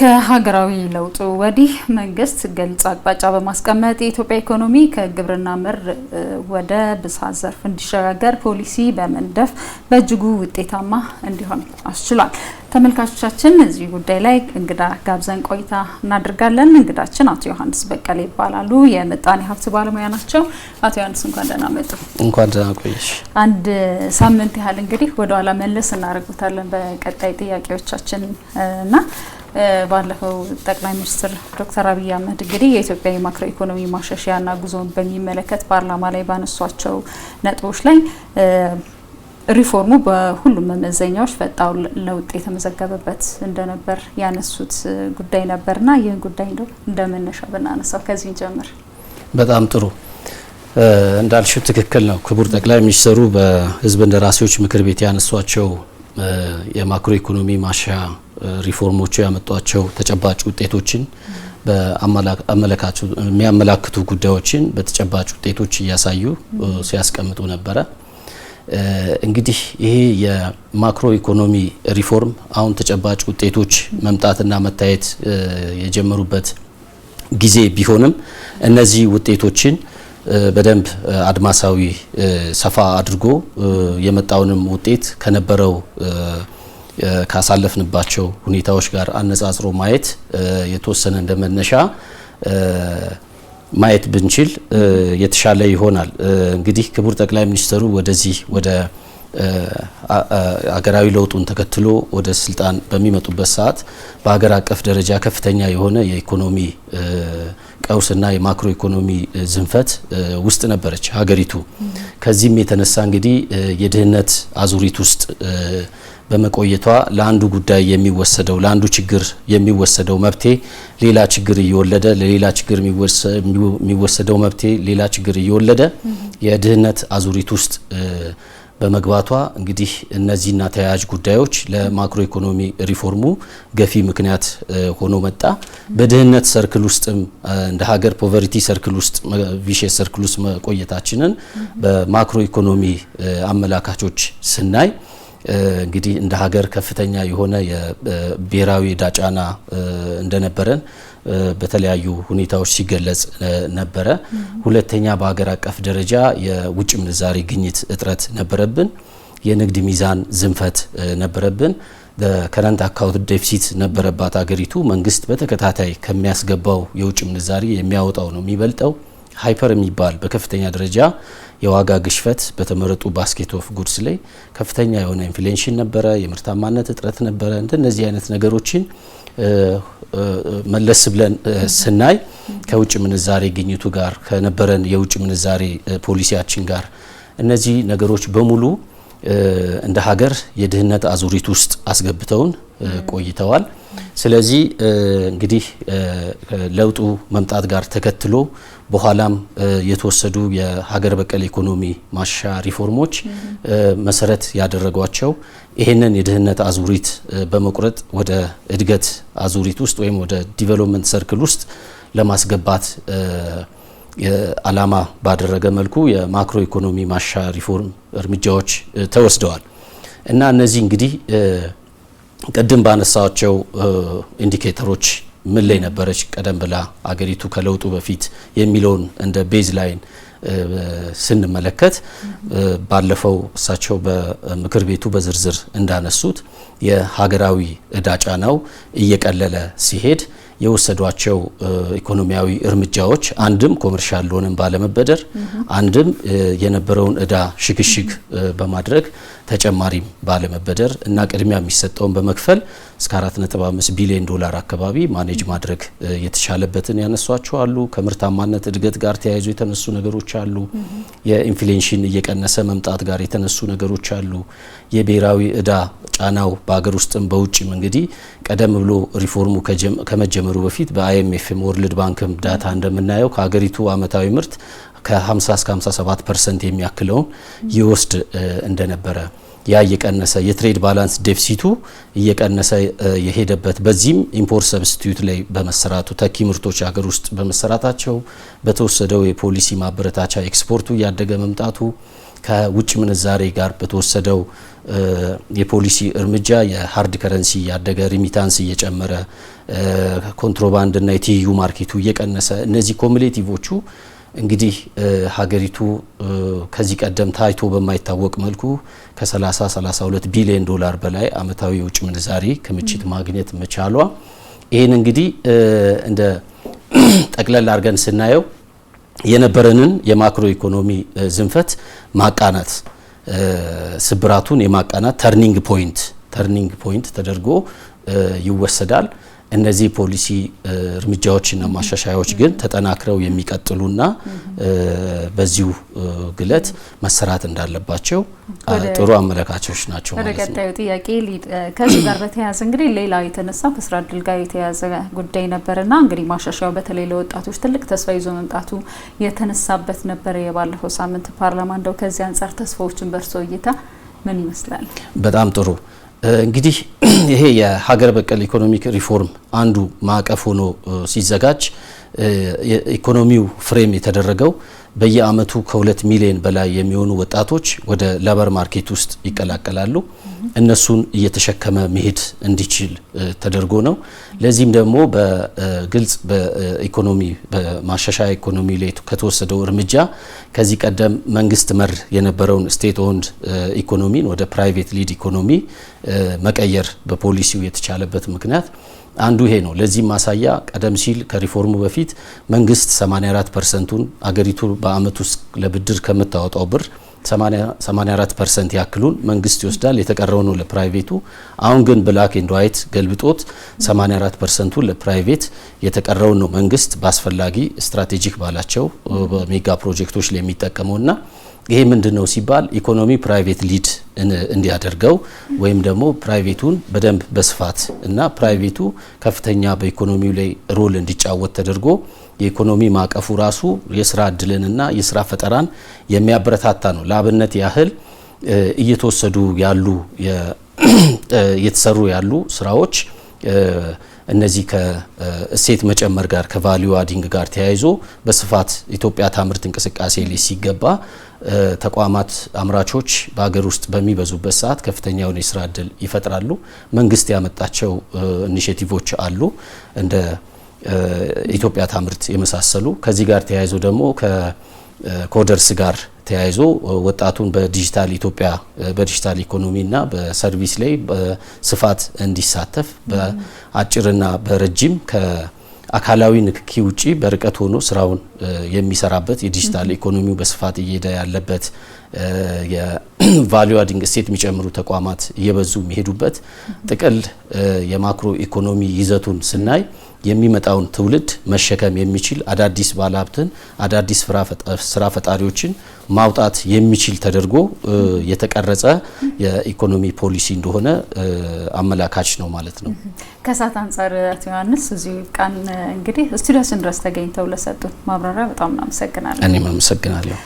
ከሀገራዊ ለውጡ ወዲህ መንግስት ግልጽ አቅጣጫ በማስቀመጥ የኢትዮጵያ ኢኮኖሚ ከግብርና ምር ወደ ብሳት ዘርፍ እንዲሸጋገር ፖሊሲ በመንደፍ በእጅጉ ውጤታማ እንዲሆን አስችሏል። ተመልካቾቻችን እዚህ ጉዳይ ላይ እንግዳ ጋብዘን ቆይታ እናደርጋለን። እንግዳችን አቶ ዮሐንስ በቀለ ይባላሉ። የምጣኔ ሀብት ባለሙያ ናቸው። አቶ ዮሐንስ እንኳን ደህና መጡ። እንኳን ደህና አንድ ሳምንት ያህል እንግዲህ ወደኋላ መለስ እናደርጉታለን በቀጣይ ጥያቄዎቻችን እና ባለፈው ጠቅላይ ሚኒስትር ዶክተር አብይ አህመድ እንግዲህ የኢትዮጵያ የማክሮ ኢኮኖሚ ማሻሻያና ጉዞን በሚመለከት ፓርላማ ላይ ባነሷቸው ነጥቦች ላይ ሪፎርሙ በሁሉም መመዘኛዎች ፈጣን ለውጥ የተመዘገበበት እንደነበር ያነሱት ጉዳይ ነበርና ይህን ጉዳይ እንደው እንደመነሻ ብናነሳው ከዚህ ጀምር። በጣም ጥሩ እንዳልሽው ትክክል ነው። ክቡር ጠቅላይ ሚኒስትሩ በህዝብ እንደራሴዎች ምክር ቤት ያነሷቸው የማክሮ ኢኮኖሚ ማሻያ ሪፎርሞቹ ያመጧቸው ተጨባጭ ውጤቶችን የሚያመላክቱ ጉዳዮችን በተጨባጭ ውጤቶች እያሳዩ ሲያስቀምጡ ነበረ። እንግዲህ ይሄ የማክሮ ኢኮኖሚ ሪፎርም አሁን ተጨባጭ ውጤቶች መምጣትና መታየት የጀመሩበት ጊዜ ቢሆንም እነዚህ ውጤቶችን በደንብ አድማሳዊ ሰፋ አድርጎ የመጣውንም ውጤት ከነበረው ካሳለፍንባቸው ሁኔታዎች ጋር አነጻጽሮ ማየት የተወሰነ እንደመነሻ ማየት ብንችል የተሻለ ይሆናል። እንግዲህ ክቡር ጠቅላይ ሚኒስትሩ ወደዚህ ወደ አገራዊ ለውጡን ተከትሎ ወደ ስልጣን በሚመጡበት ሰዓት በሀገር አቀፍ ደረጃ ከፍተኛ የሆነ የኢኮኖሚ ቀውስና የማክሮ ኢኮኖሚ ዝንፈት ውስጥ ነበረች ሀገሪቱ። ከዚህም የተነሳ እንግዲህ የድህነት አዙሪት ውስጥ በመቆየቷ ለአንዱ ጉዳይ የሚወሰደው ለአንዱ ችግር የሚወሰደው መብቴ ሌላ ችግር እየወለደ ለሌላ ችግር የሚወሰደው መብቴ ሌላ ችግር እየወለደ የድህነት አዙሪት ውስጥ በመግባቷ እንግዲህ እነዚህና ተያያዥ ጉዳዮች ለማክሮ ኢኮኖሚ ሪፎርሙ ገፊ ምክንያት ሆኖ መጣ። በድህነት ሰርክል ውስጥም እንደ ሀገር ፖቨርቲ ሰርክል ውስጥ ቪሼስ ሰርክል ውስጥ መቆየታችንን በማክሮ ኢኮኖሚ አመላካቾች ስናይ እንግዲህ እንደ ሀገር ከፍተኛ የሆነ የብሔራዊ ዕዳ ጫና እንደነበረን በተለያዩ ሁኔታዎች ሲገለጽ ነበረ። ሁለተኛ በሀገር አቀፍ ደረጃ የውጭ ምንዛሪ ግኝት እጥረት ነበረብን። የንግድ ሚዛን ዝንፈት ነበረብን። ከረንት አካውንት ዴፊሲት ነበረባት አገሪቱ። መንግስት በተከታታይ ከሚያስገባው የውጭ ምንዛሪ የሚያወጣው ነው የሚበልጠው። ሃይፐር የሚባል በከፍተኛ ደረጃ የዋጋ ግሽፈት በተመረጡ ባስኬት ኦፍ ጉድስ ላይ ከፍተኛ የሆነ ኢንፍሌሽን ነበረ፣ የምርታማነት እጥረት ነበረ። እንደነዚህ አይነት ነገሮችን መለስ ብለን ስናይ ከውጭ ምንዛሬ ግኝቱ ጋር ከነበረን የውጭ ምንዛሬ ፖሊሲያችን ጋር እነዚህ ነገሮች በሙሉ እንደ ሀገር የድህነት አዙሪት ውስጥ አስገብተውን ቆይተዋል። ስለዚህ እንግዲህ ለውጡ መምጣት ጋር ተከትሎ በኋላም የተወሰዱ የሀገር በቀል ኢኮኖሚ ማሻ ሪፎርሞች መሰረት ያደረጓቸው ይህንን የድህነት አዙሪት በመቁረጥ ወደ እድገት አዙሪት ውስጥ ወይም ወደ ዲቨሎፕመንት ሰርክል ውስጥ ለማስገባት አላማ ባደረገ መልኩ የማክሮ ኢኮኖሚ ማሻ ሪፎርም እርምጃዎች ተወስደዋል እና እነዚህ እንግዲህ ቅድም ባነሳቸው ኢንዲኬተሮች ምን ላይ ነበረች ቀደም ብላ አገሪቱ ከለውጡ በፊት የሚለውን እንደ ቤዝ ላይን ስንመለከት ባለፈው እሳቸው በምክር ቤቱ በዝርዝር እንዳነሱት የሀገራዊ እዳ ጫናው እየቀለለ ሲሄድ የወሰዷቸው ኢኮኖሚያዊ እርምጃዎች አንድም ኮመርሻል ሎንን ባለመበደር፣ አንድም የነበረውን እዳ ሽግሽግ በማድረግ ተጨማሪም ባለመበደር እና ቅድሚያ የሚሰጠውን በመክፈል እስከ 4.5 ቢሊዮን ዶላር አካባቢ ማኔጅ ማድረግ የተቻለበትን ያነሷቸው አሉ። ከምርታማነት እድገት ጋር ተያይዞ የተነሱ ነገሮች አሉ። የኢንፍሌሽን እየቀነሰ መምጣት ጋር የተነሱ ነገሮች አሉ። የብሔራዊ እዳ ጫናው በሀገር ውስጥም በውጭም እንግዲህ ቀደም ብሎ ሪፎርሙ ከመጀመሩ በፊት በአይኤምኤፍም ወርልድ ባንክም ዳታ እንደምናየው ከሀገሪቱ አመታዊ ምርት ከ50 እስከ 57 ፐርሰንት የሚያክለውን ይወስድ እንደነበረ ያ እየቀነሰ የትሬድ ባላንስ ዴፊሲቱ እየቀነሰ የሄደበት በዚህም ኢምፖርት ሰብስቲዩት ላይ በመሰራቱ ተኪ ምርቶች ሀገር ውስጥ በመሰራታቸው በተወሰደው የፖሊሲ ማበረታቻ ኤክስፖርቱ እያደገ መምጣቱ ከውጭ ምንዛሬ ጋር በተወሰደው የፖሊሲ እርምጃ የሀርድ ከረንሲ ያደገ፣ ሪሚታንስ እየጨመረ፣ እና የትይዩ ማርኬቱ እየቀነሰ እነዚህ ኮሚሌቲቮቹ እንግዲህ ሀገሪቱ ከዚህ ቀደም ታይቶ በማይታወቅ መልኩ ከ30 32 ቢሊዮን ዶላር በላይ አመታዊ የውጭ ምንዛሪ ክምችት ማግኘት መቻሏ ይህን እንግዲህ እንደ ጠቅለል አድርገን ስናየው የነበረንን የማክሮ ኢኮኖሚ ዝንፈት ማቃናት ስብራቱን የማቃናት ተርኒንግ ፖይንት ተርኒንግ ፖይንት ተደርጎ ይወሰዳል። እነዚህ ፖሊሲ እርምጃዎችና ማሻሻያዎች ግን ተጠናክረው የሚቀጥሉና በዚሁ ግለት መሰራት እንዳለባቸው ጥሩ አመለካቾች ናቸው። ወደ ቀጣዩ ጥያቄ ከዚህ ጋር በተያያዘ እንግዲህ ሌላ የተነሳው ከስራ እድል ጋር የተያያዘ ጉዳይ ነበርና እንግዲህ ማሻሻያው በተለይ ለወጣቶች ትልቅ ተስፋ ይዞ መምጣቱ የተነሳበት ነበር የባለፈው ሳምንት ፓርላማ። እንደው ከዚህ አንጻር ተስፋዎችን በእርስዎ እይታ ምን ይመስላል? በጣም ጥሩ እንግዲህ ይሄ የሀገር በቀል ኢኮኖሚክ ሪፎርም አንዱ ማዕቀፍ ሆኖ ሲዘጋጅ ኢኮኖሚው ፍሬም የተደረገው በየአመቱ ከሁለት ሚሊዮን በላይ የሚሆኑ ወጣቶች ወደ ላበር ማርኬት ውስጥ ይቀላቀላሉ። እነሱን እየተሸከመ መሄድ እንዲችል ተደርጎ ነው። ለዚህም ደግሞ በግልጽ በኢኮኖሚ በማሻሻያ ኢኮኖሚ ላይ ከተወሰደው እርምጃ ከዚህ ቀደም መንግስት መር የነበረውን ስቴት ኦንድ ኢኮኖሚን ወደ ፕራይቬት ሊድ ኢኮኖሚ መቀየር በፖሊሲው የተቻለበት ምክንያት አንዱ ይሄ ነው። ለዚህም ማሳያ ቀደም ሲል ከሪፎርሙ በፊት መንግስት 84 ፐርሰንቱን አገሪቱ በአመት ውስጥ ለብድር ከምታወጣው ብር 84 ፐርሰንት ያክሉን መንግስት ይወስዳል፣ የተቀረውን ለፕራይቬቱ። አሁን ግን ብላክ ኤንድ ዋይት ገልብጦት 84 ፐርሰንቱ ለፕራይቬት የተቀረውን ነው መንግስት በአስፈላጊ ስትራቴጂክ ባላቸው በሜጋ ፕሮጀክቶች ላይ የሚጠቀመውና ይሄ ምንድን ነው ሲባል ኢኮኖሚ ፕራይቬት ሊድ እንዲያደርገው ወይም ደግሞ ፕራይቬቱን በደንብ በስፋት እና ፕራይቬቱ ከፍተኛ በኢኮኖሚው ላይ ሮል እንዲጫወት ተደርጎ የኢኮኖሚ ማቀፉ ራሱ የስራ እድልንና የስራ ፈጠራን የሚያበረታታ ነው። ለአብነት ያህል እየተወሰዱ ያሉ እየተሰሩ ያሉ ስራዎች እነዚህ ከእሴት መጨመር ጋር ከቫሊዩ አዲንግ ጋር ተያይዞ በስፋት ኢትዮጵያ ታምርት እንቅስቃሴ ላይ ሲገባ ተቋማት አምራቾች በሀገር ውስጥ በሚበዙበት ሰዓት ከፍተኛ የሆነ የስራ እድል ይፈጥራሉ። መንግስት ያመጣቸው ኢኒሽቲቮች አሉ እንደ ኢትዮጵያ ታምርት የመሳሰሉ ከዚህ ጋር ተያይዞ ደግሞ ከኮደርስ ጋር ተያይዞ ወጣቱን በዲጂታል ኢትዮጵያ በዲጂታል ኢኮኖሚና በሰርቪስ ላይ በስፋት እንዲሳተፍ በአጭርና በረጅም ከአካላዊ ንክኪ ውጪ በርቀት ሆኖ ስራውን የሚሰራበት የዲጂታል ኢኮኖሚው በስፋት እየሄደ ያለበት ቫሉ አዲንግ እሴት የሚጨምሩ ተቋማት እየበዙ የሚሄዱበት ጥቅል የማክሮ ኢኮኖሚ ይዘቱን ስናይ የሚመጣውን ትውልድ መሸከም የሚችል አዳዲስ ባለሀብትን አዳዲስ ስራ ፈጣሪዎችን ማውጣት የሚችል ተደርጎ የተቀረጸ የኢኮኖሚ ፖሊሲ እንደሆነ አመላካች ነው ማለት ነው። ከሳት አንጻር አቶ ዮሐንስ እዚሁ ቃን እንግዲህ ስቱዲዮስን ድረስ ተገኝተው ለሰጡን ማብራሪያ በጣም እናመሰግናለን። እኔም አመሰግናለሁ።